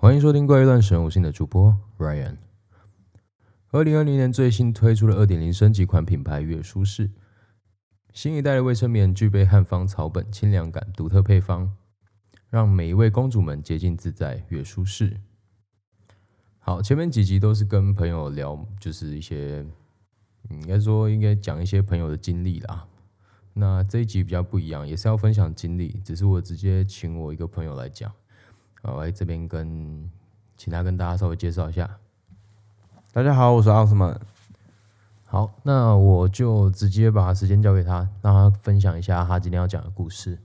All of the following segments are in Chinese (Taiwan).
歡迎收聽《怪異亂神》。我是的主播 Ryan。二零二零年最新推出的二點零升級款品牌悅舒適，新一代的衛生棉具備漢方草本清涼感，獨特配方，讓每一位公主們潔淨自在。悅舒適。好，前面幾集都是跟朋友聊，就是一些，應該說應該講一些朋友的經歷啦。那這一集比較不一樣，也是要分享經歷，只是我直接請我一個朋友來講。好，我來這邊跟請他跟大家稍微介紹一下。大家好，我是奧斯曼。好，那我就直接把時間交給他，讓他分享一下他今天要講的故事。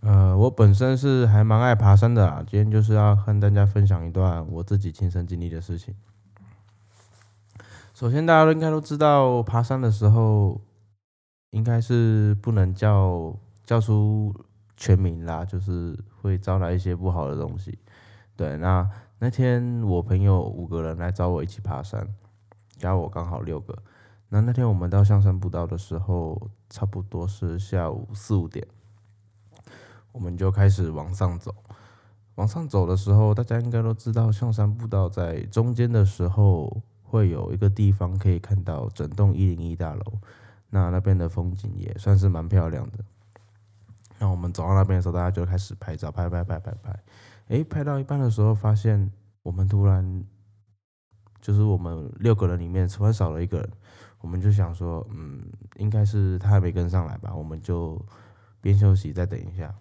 呃，我本身是還蠻愛爬山的啊，今天就是要跟大家分享一段我自己親身經歷的事情。首先，大家都應該都知道，爬山的時候應該是不能叫叫出全民啦，就是會招來一些不好的東西。對，那那天我朋友五個人來找我一起爬山，加我剛好六個。那那天我們到象山步道的時候，差不多是下午四五點，我們就開始往上走。往上走的時候，大家應該都知道，象山步道在中間的時候會有一個地方可以看到整棟101大樓，那那邊的風景也算是蠻漂亮的。然後我們走到那邊的時候，大家就開始拍照，拍拍拍拍拍。誒，拍到一半的時候，發現我們突然就是我們六個人裡面突然少了一個人，我們就想說，嗯，應該是他還沒跟上來吧，我們就邊休息再等一下。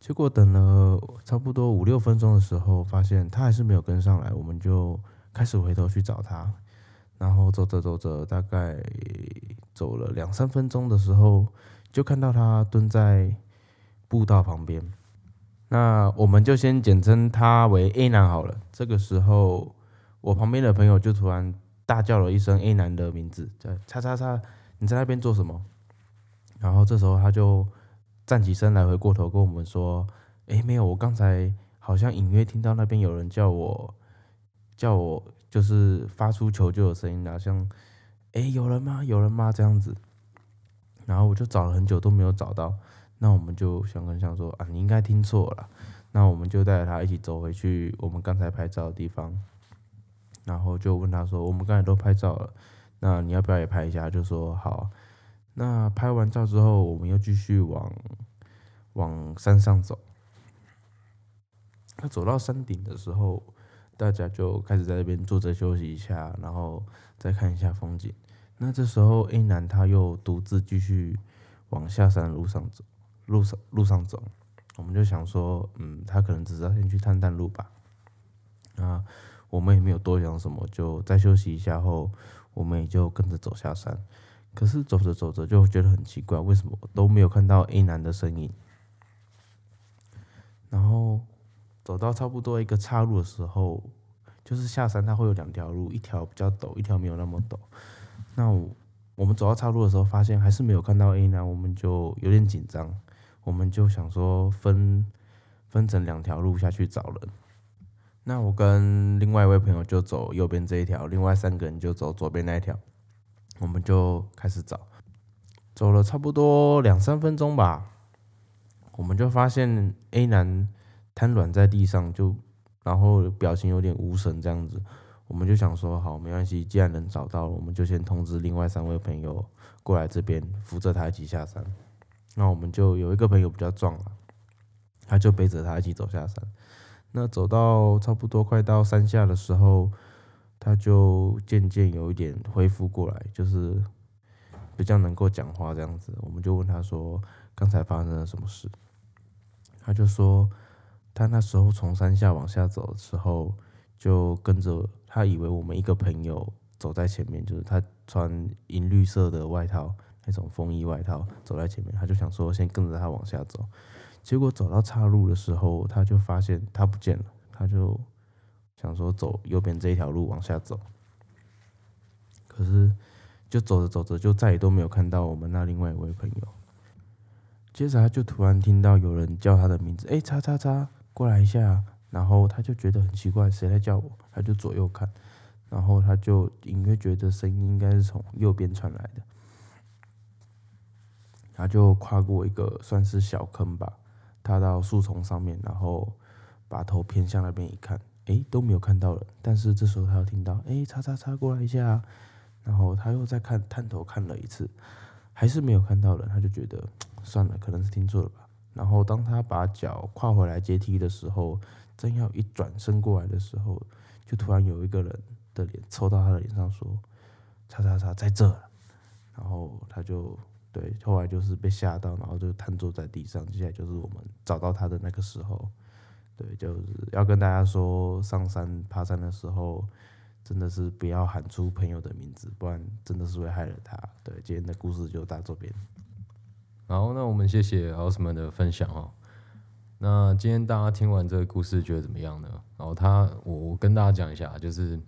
結果等了差不多五六分鐘的時候，發現他還是沒有跟上來，我們就開始回頭去找他。然後走着走着，大概走了兩三分鐘的時候。就看到他蹲在步道旁邊，那我們就先簡稱他為 A 男好了。這個時候，我旁邊的朋友就突然大叫了一聲 A 男的名字，叫叉叉叉，你在那邊做什麼？然後這時候他就站起身來回過頭跟我們說：“誒、欸，沒有，我剛才好像隱約聽到那邊有人叫我，叫我就是發出求救的聲音，然後像誒、欸，有人嗎？有人嗎？這樣子。”然後我就找了很久都沒有找到，那我們就想跟想說啊，你應該聽錯了。那我們就帶着他一起走回去我們剛才拍照的地方，然後就問他說，我們剛才都拍照了，那你要不要也拍一下？就說好。那拍完照之後，我們又繼續往往山上走。那走到山頂的時候，大家就開始在這邊坐着休息一下，然後再看一下風景。那這時候，A 男他又獨自繼續往下山路上走，路上路上走，我們就想說，嗯，他可能只是要先去探探路吧。那我們也沒有多想什麼，就再休息一下後，我們也就跟着走下山。可是走着走着就覺得很奇怪，為什麼都沒有看到 A 男的身影？然後走到差不多一個岔路的時候，就是下山它會有兩條路，一條比較陡，一條沒有那麼陡。那我我們走到岔路的時候，發現還是沒有看到 A 男，我們就有點緊張，我們就想說分分成兩條路下去找人。那我跟另外一位朋友就走右邊這一條，另外三個人就走左邊那一條，我們就開始找，走了差不多兩三分鐘吧，我們就發現 A 男癱軟在地上，就然後表情有點無神這樣子。我們就想說，好，沒關係，既然能找到，我們就先通知另外三位朋友過來這邊，扶着他一起下山。那我們就有一個朋友比較壯了啊，他就背着他一起走下山。那走到差不多快到山下的時候，他就漸漸有一點恢復過來，就是比較能夠講話這樣子。我們就問他說，剛才發生了什麼事？他就說，他那時候從山下往下走的時候。就跟着他，以為我們一個朋友走在前面，就是他穿銀綠色的外套，那種風衣外套走在前面，他就想說先跟着他往下走。結果走到岔路的時候，他就發現他不見了，他就想說走右邊這一條路往下走。可是，就走着走着，就再也都沒有看到我們那另外一位朋友。接着，他就突然聽到有人叫他的名字：“欸，叉叉叉，過來一下。”然後他就覺得很奇怪，誰在叫我？他就左右看，然後他就隱約覺得聲音應該是從右邊傳來的，然後就跨過一個算是小坑吧，他到樹叢上面，然後把頭偏向那邊一看，哎，都沒有看到了。但是這時候他又聽到，哎，叉叉叉，過來一下。然後他又再看，探頭看了一次，還是沒有看到人。他就覺得，算了，可能是聽錯了吧。然後當他把腳跨回來階梯的時候，正要一轉身過來的時候，就突然有一個人的臉湊到他的臉上說：“叉叉叉，在這。”然後他就對，後來就是被嚇到，然後就癱坐在地上。接下來就是我們找到他的那個時候，對，就是要跟大家說，上山爬山的時候，真的是不要喊出朋友的名字，不然真的是會害了他。對，今天的故事就到這邊。然後，那我們謝謝奧斯曼的分享哦，那今天大家聽完這個故事，覺得怎麼樣呢？然後他，我我跟大家講一下，就是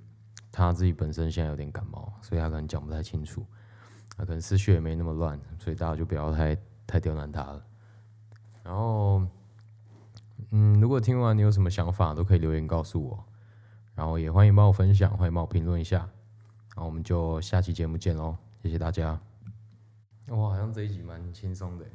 他自己本身現在有點感冒，所以他可能講不太清楚，他可能思緒也沒那麼亂，所以大家就不要太太刁難他了。然後，嗯，如果聽完你有什麼想法，都可以留言告訴我。然後也歡迎幫我分享，歡迎幫我評論一下。然後我們就下期節目見嘍，謝謝大家。哇，好像這一集蠻輕鬆的耶。